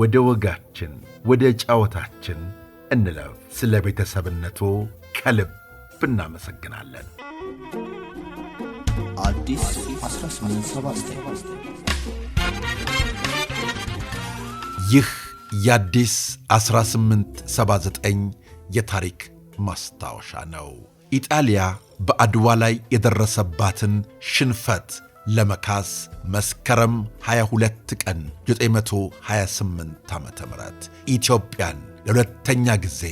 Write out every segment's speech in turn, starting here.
ወደ ወጋችን ወደ ጫወታችን እንለፍ። ስለ ቤተሰብነቱ ከልብ እናመሰግናለን። ይህ የአዲስ 1879 የታሪክ ማስታወሻ ነው። ኢጣሊያ በአድዋ ላይ የደረሰባትን ሽንፈት ለመካስ መስከረም 22 ቀን 928 ዓ ም ኢትዮጵያን ለሁለተኛ ጊዜ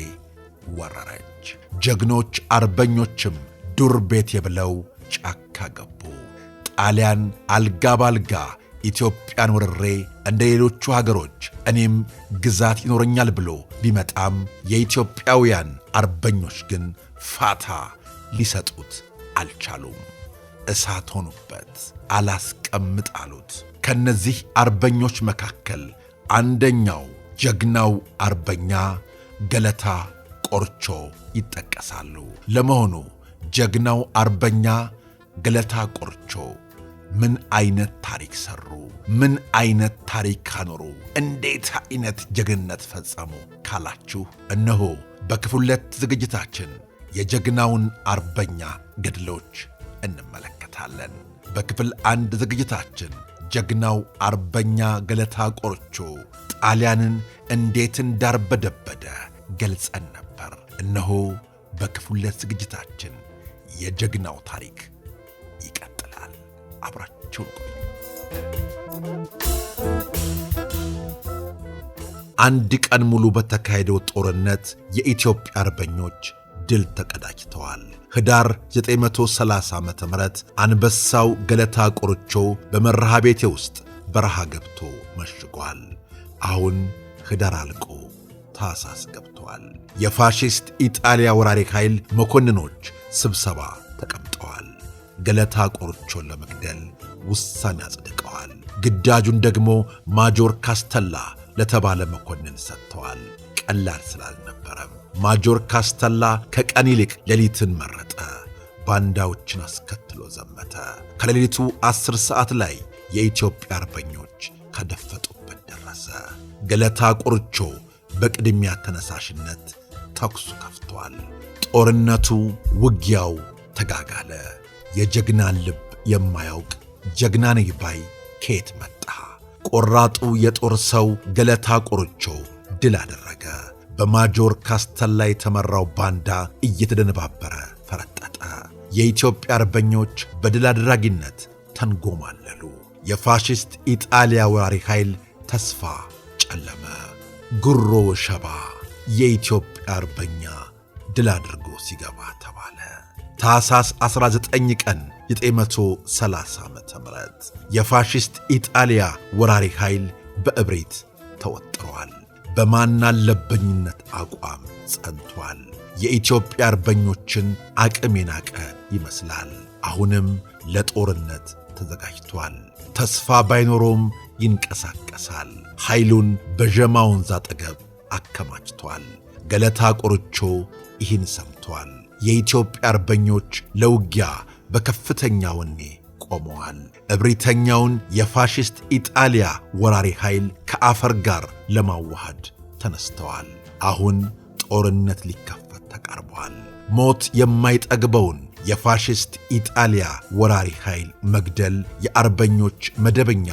ወረረች። ጀግኖች አርበኞችም ዱር ቤት የብለው ጫካ ገቡ። ጣሊያን አልጋ ባልጋ ኢትዮጵያን ወርሬ እንደ ሌሎቹ ሀገሮች እኔም ግዛት ይኖረኛል ብሎ ቢመጣም የኢትዮጵያውያን አርበኞች ግን ፋታ ሊሰጡት አልቻሉም። እሳት ሆኑበት። አላስቀምጥ አሉት። ከእነዚህ አርበኞች መካከል አንደኛው ጀግናው አርበኛ ገለታ ቆርቾ ይጠቀሳሉ። ለመሆኑ ጀግናው አርበኛ ገለታ ቆርቾ ምን አይነት ታሪክ ሰሩ? ምን አይነት ታሪክ ካኖሩ? እንዴት አይነት ጀግንነት ፈጸሙ ካላችሁ እነሆ በክፍል ዝግጅታችን የጀግናውን አርበኛ ገድሎች እንመለከታለን። በክፍል አንድ ዝግጅታችን ጀግናው አርበኛ ገለታ ቆርቾ ጣሊያንን እንዴት እንዳርበደበደ ገልጸን ነበር። እነሆ በክፍል ሁለት ዝግጅታችን የጀግናው ታሪክ ይቀጥላል። አብራችሁን ቆዩ። አንድ ቀን ሙሉ በተካሄደው ጦርነት የኢትዮጵያ አርበኞች ድል ተቀዳጅተዋል። ህዳር 930 ዓ ም አንበሳው ገለታ ቆርቾ በመርሃ ቤቴ ውስጥ በረሃ ገብቶ መሽጓል። አሁን ህዳር አልቆ ታሳስ ገብቷል። የፋሽስት ኢጣሊያ ወራሪ ኃይል መኮንኖች ስብሰባ ተቀምጠዋል። ገለታ ቆርቾን ለመግደል ውሳኔ አጽድቀዋል። ግዳጁን ደግሞ ማጆር ካስተላ ለተባለ መኮንን ሰጥተዋል። ቀላል ስላል ማጆር ካስተላ ከቀን ይልቅ ሌሊትን መረጠ። ባንዳዎችን አስከትሎ ዘመተ። ከሌሊቱ ዐሥር ሰዓት ላይ የኢትዮጵያ አርበኞች ከደፈጡበት ደረሰ። ገለታ ቁርቾ በቅድሚያ ተነሳሽነት ተኩሱ ከፍቷል። ጦርነቱ፣ ውጊያው ተጋጋለ። የጀግናን ልብ የማያውቅ ጀግና ነኝ ባይ ከየት መጣ? ቆራጡ የጦር ሰው ገለታ ቁርቾ ድል አደረገ። በማጆር ካስተል ላይ የተመራው ባንዳ እየተደነባበረ ፈረጠጠ። የኢትዮጵያ አርበኞች በድል አድራጊነት ተንጎማለሉ። የፋሽስት ኢጣሊያ ወራሪ ኃይል ተስፋ ጨለመ። ጉሮ ሸባ የኢትዮጵያ አርበኛ ድል አድርጎ ሲገባ ተባለ። ታኅሳስ 19 ቀን 930 ዓ ም የፋሽስት ኢጣሊያ ወራሪ ኃይል በእብሪት ተወጥረዋል። በማናለበኝነት አቋም ጸንቷል። የኢትዮጵያ አርበኞችን አቅም የናቀ ይመስላል። አሁንም ለጦርነት ተዘጋጅቷል። ተስፋ ባይኖረውም ይንቀሳቀሳል። ኃይሉን በዠማ ወንዝ አጠገብ አከማችቷል። ገለታ ቆርቾ ይህን ሰምቷል። የኢትዮጵያ አርበኞች ለውጊያ በከፍተኛ ወኔ ቆመዋል። እብሪተኛውን የፋሽስት ኢጣሊያ ወራሪ ኃይል ከአፈር ጋር ለማዋሃድ ተነስተዋል። አሁን ጦርነት ሊከፈት ተቃርቧል። ሞት የማይጠግበውን የፋሽስት ኢጣሊያ ወራሪ ኃይል መግደል የአርበኞች መደበኛ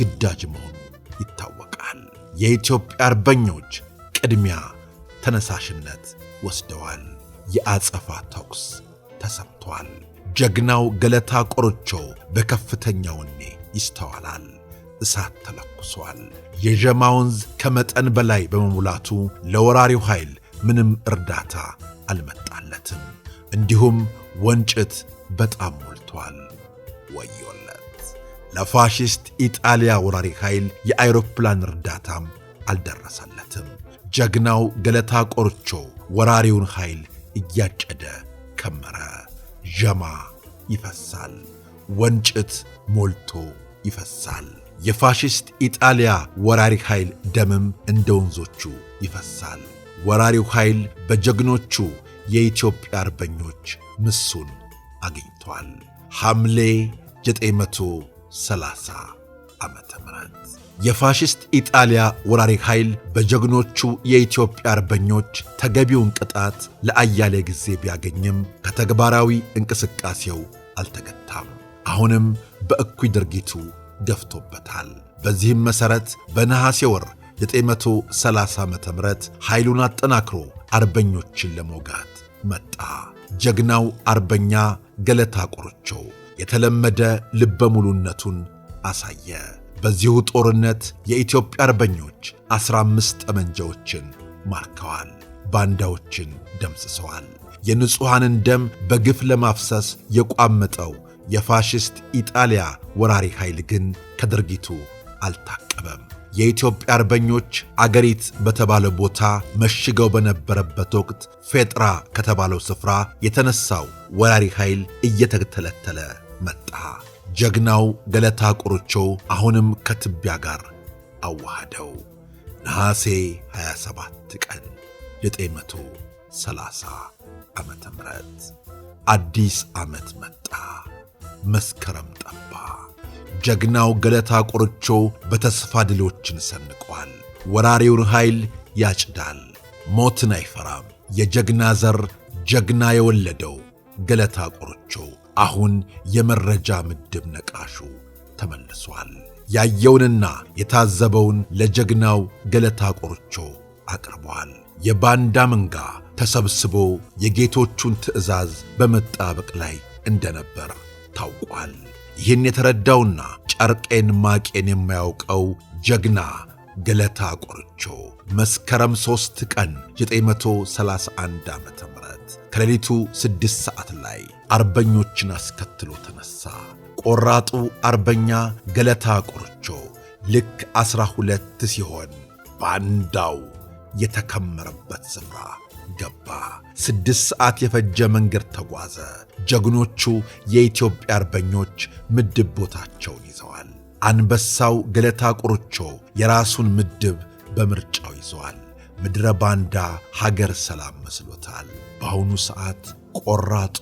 ግዳጅ መሆኑ ይታወቃል። የኢትዮጵያ አርበኞች ቅድሚያ ተነሳሽነት ወስደዋል። የአጸፋ ተኩስ ተሰምቷል። ጀግናው ገለታ ቆርቾ በከፍተኛ ወኔ ይስተዋላል። እሳት ተለኩሷል። የዠማ ወንዝ ከመጠን በላይ በመሙላቱ ለወራሪው ኃይል ምንም እርዳታ አልመጣለትም። እንዲሁም ወንጭት በጣም ሞልቷል። ወዮለት! ለፋሽስት ኢጣሊያ ወራሪ ኃይል የአውሮፕላን እርዳታም አልደረሰለትም። ጀግናው ገለታ ቆርቾ ወራሪውን ኃይል እያጨደ ከመረ። ጀማ ይፈሳል፣ ወንጭት ሞልቶ ይፈሳል። የፋሽስት ኢጣሊያ ወራሪ ኃይል ደምም እንደ ወንዞቹ ይፈሳል። ወራሪው ኃይል በጀግኖቹ የኢትዮጵያ አርበኞች ምሱን አግኝቷል። ሐምሌ 930 ዓ ም የፋሽስት ኢጣሊያ ወራሪ ኃይል በጀግኖቹ የኢትዮጵያ አርበኞች ተገቢውን ቅጣት ለአያሌ ጊዜ ቢያገኝም ከተግባራዊ እንቅስቃሴው አልተገታም። አሁንም በእኩይ ድርጊቱ ገፍቶበታል። በዚህም መሠረት በነሐሴ ወር 930 ዓ ም ኃይሉን አጠናክሮ አርበኞችን ለመውጋት መጣ። ጀግናው አርበኛ ገለታ ቆርቾ የተለመደ ልበ ሙሉነቱን አሳየ። በዚሁ ጦርነት የኢትዮጵያ አርበኞች 15 ጠመንጃዎችን ማርከዋል፣ ባንዳዎችን ደምስሰዋል። የንጹሐንን ደም በግፍ ለማፍሰስ የቋመጠው የፋሽስት ኢጣሊያ ወራሪ ኃይል ግን ከድርጊቱ አልታቀበም። የኢትዮጵያ አርበኞች አገሪት በተባለ ቦታ መሽገው በነበረበት ወቅት ፌጥራ ከተባለው ስፍራ የተነሳው ወራሪ ኃይል እየተተለተለ መጣ። ጀግናው ገለታ ቆርቾ አሁንም ከትቢያ ጋር አዋሃደው። ነሐሴ 27 ቀን 930 ዓመተ ምህረት አዲስ ዓመት መጣ፣ መስከረም ጠባ። ጀግናው ገለታ ቆርቾ በተስፋ ድሎችን ሰንቋል። ወራሪውን ኃይል ያጭዳል፣ ሞትን አይፈራም። የጀግና ዘር ጀግና የወለደው ገለታ ቆርቾ አሁን የመረጃ ምድብ ነቃሹ ተመልሷል። ያየውንና የታዘበውን ለጀግናው ገለታ ቆርቾ አቅርቧል። የባንዳ መንጋ ተሰብስቦ የጌቶቹን ትዕዛዝ በመጣበቅ ላይ እንደነበር ታውቋል። ይህን የተረዳውና ጨርቄን ማቄን የማያውቀው ጀግና ገለታ ቆርቾ መስከረም ሦስት ቀን 931 ዓ ም ከሌሊቱ 6 ሰዓት ላይ አርበኞችን አስከትሎ ተነሳ! ቆራጡ አርበኛ ገለታ ቆርቾ ልክ ዐሥራ ሁለት ሲሆን ባንዳው የተከመረበት ስፍራ ገባ። ስድስት ሰዓት የፈጀ መንገድ ተጓዘ። ጀግኖቹ የኢትዮጵያ አርበኞች ምድብ ቦታቸውን ይዘዋል። አንበሳው ገለታ ቁርቾ የራሱን ምድብ በምርጫው ይዘዋል። ምድረ ባንዳ ሀገር ሰላም መስሎታል። በአሁኑ ሰዓት ቆራጡ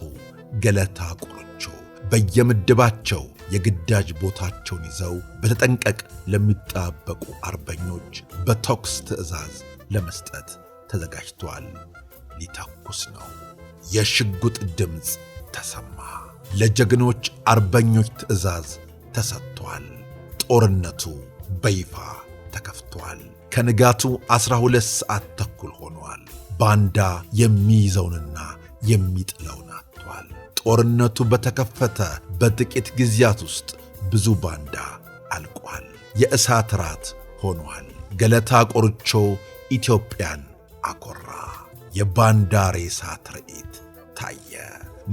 ገለታ ቆሮቾ በየምድባቸው የግዳጅ ቦታቸውን ይዘው በተጠንቀቅ ለሚጣበቁ አርበኞች በተኩስ ትዕዛዝ ለመስጠት ተዘጋጅተዋል። ሊተኩስ ነው። የሽጉጥ ድምፅ ተሰማ። ለጀግኖች አርበኞች ትዕዛዝ ተሰጥቷል። ጦርነቱ በይፋ ተከፍቷል። ከንጋቱ ዐሥራ ሁለት ሰዓት ተኩል ሆኗል። ባንዳ የሚይዘውንና የሚጥለውን አጥቷል። ጦርነቱ በተከፈተ በጥቂት ጊዜያት ውስጥ ብዙ ባንዳ አልቋል፣ የእሳት ራት ሆኗል። ገለታ ቆርቾ ኢትዮጵያን አኮራ። የባንዳ ሬሳ ትርኢት ታየ።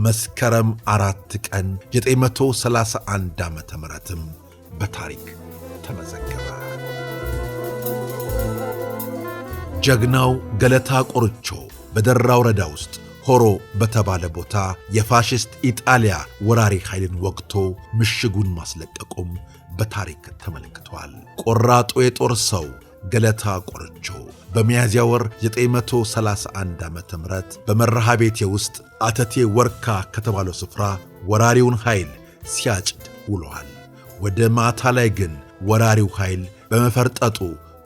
መስከረም አራት ቀን 931 ዓ ም በታሪክ ተመዘገበ። ጀግናው ገለታ ቆርቾ በደራ ወረዳ ውስጥ ሆሮ በተባለ ቦታ የፋሽስት ኢጣሊያ ወራሪ ኃይልን ወግቶ ምሽጉን ማስለቀቁም በታሪክ ተመልክቷል። ቆራጦ የጦር ሰው ገለታ ቆርቾ በሚያዝያ ወር 931 ዓ ም በመርሃ ቤቴ ውስጥ አተቴ ወርካ ከተባለው ስፍራ ወራሪውን ኃይል ሲያጭድ ውሏል። ወደ ማታ ላይ ግን ወራሪው ኃይል በመፈርጠጡ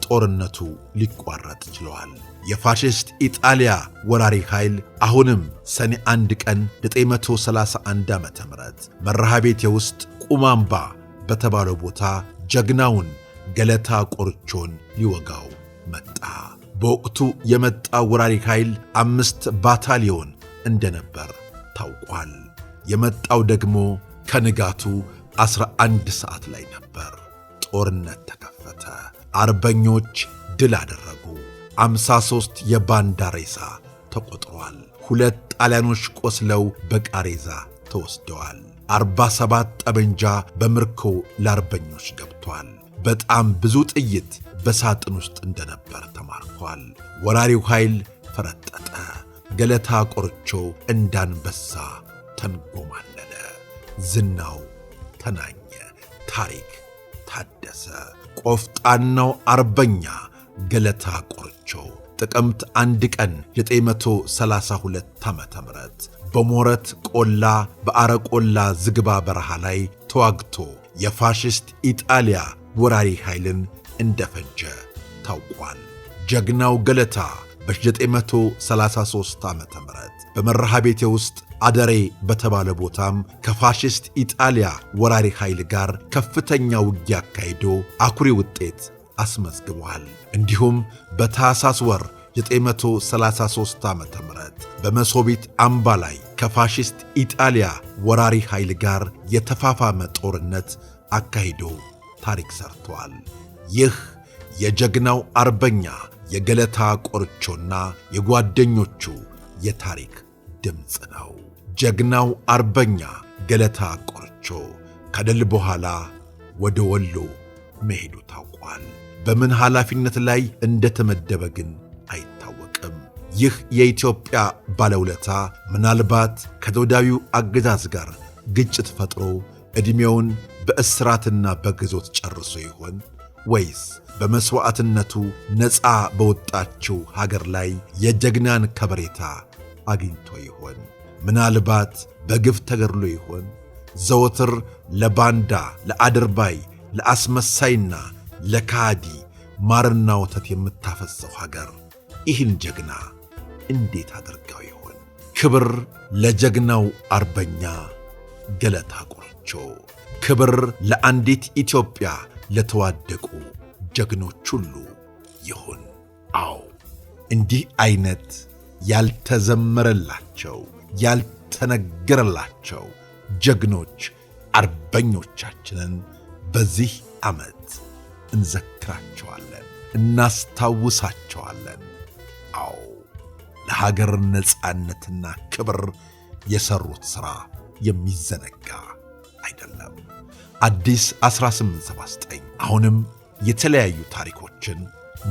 ጦርነቱ ሊቋረጥ ችለዋል። የፋሽስት ኢጣሊያ ወራሪ ኃይል አሁንም ሰኔ 1 ቀን 931 ዓ ም መርሃ ቤቴ ውስጥ ቁማምባ በተባለው ቦታ ጀግናውን ገለታ ቆርቾን ሊወጋው መጣ። በወቅቱ የመጣ ወራሪ ኃይል አምስት ባታሊዮን እንደነበር ታውቋል። የመጣው ደግሞ ከንጋቱ 11 ሰዓት ላይ ነበር። ጦርነት ተከፈተ። አርበኞች ድል አደረጉ። 53 የባንዳ ሬሳ ተቆጥሯል። ሁለት ጣሊያኖች ቆስለው በቃሬዛ ተወስደዋል። 47 ጠመንጃ በምርኮ ለአርበኞች ገብቷል። በጣም ብዙ ጥይት በሳጥን ውስጥ እንደነበር ተማርኳል። ወራሪው ኃይል ፈረጠጠ። ገለታ ቆርቾ እንዳንበሳ ተንጎማለለ። ዝናው ተናኘ። ታሪክ ታደሰ። ቆፍጣናው አርበኛ ገለታ ቆርቾ ጥቅምት አንድ ቀን 932 ዓ ም በሞረት ቆላ በአረቆላ ዝግባ በረሃ ላይ ተዋግቶ የፋሽስት ኢጣሊያ ወራሪ ኃይልን እንደፈጀ ታውቋል። ጀግናው ገለታ በ933 ዓ ም በመርሃ ቤቴ ውስጥ አደሬ በተባለ ቦታም ከፋሽስት ኢጣሊያ ወራሪ ኃይል ጋር ከፍተኛ ውጊያ አካሂዶ አኩሪ ውጤት አስመዝግቧል። እንዲሁም በታሳስ ወር 933 ዓ ም በመሶቢት አምባ ላይ ከፋሽስት ኢጣሊያ ወራሪ ኃይል ጋር የተፋፋመ ጦርነት አካሂዶ ታሪክ ሰርተዋል። ይህ የጀግናው አርበኛ የገለታ ቆርቾና የጓደኞቹ የታሪክ ድምፅ ነው። ጀግናው አርበኛ ገለታ ቆርቾ ከድል በኋላ ወደ ወሎ መሄዱ ታውቋል። በምን ኃላፊነት ላይ እንደተመደበ ግን አይታወቅም። ይህ የኢትዮጵያ ባለውለታ ምናልባት ከዘውዳዊው አገዛዝ ጋር ግጭት ፈጥሮ ዕድሜውን በእስራትና በግዞት ጨርሶ ይሆን ወይስ በመሥዋዕትነቱ ነፃ በወጣችው ሀገር ላይ የጀግናን ከበሬታ አግኝቶ ይሆን? ምናልባት በግፍ ተገድሎ ይሆን? ዘወትር ለባንዳ ለአድርባይ ለአስመሳይና ለካዲ ማርና ወተት የምታፈሰው ሀገር ይህን ጀግና እንዴት አድርገው ይሆን? ክብር ለጀግናው አርበኛ ገለታ ቁርቾ፣ ክብር ለአንዲት ኢትዮጵያ ለተዋደቁ ጀግኖች ሁሉ ይሁን። አዎ እንዲህ አይነት ያልተዘመረላቸው ያልተነገረላቸው ጀግኖች አርበኞቻችንን በዚህ ዓመት እንዘክራቸዋለን፣ እናስታውሳቸዋለን። አዎ ለሀገር ነፃነትና ክብር የሠሩት ሥራ የሚዘነጋ አይደለም። አዲስ 1879 አሁንም የተለያዩ ታሪኮችን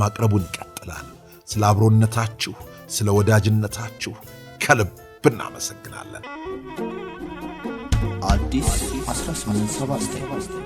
ማቅረቡን ይቀጥላል። ስለ አብሮነታችሁ፣ ስለ ወዳጅነታችሁ ከልብ እናመሰግናለን። አዲስ 1879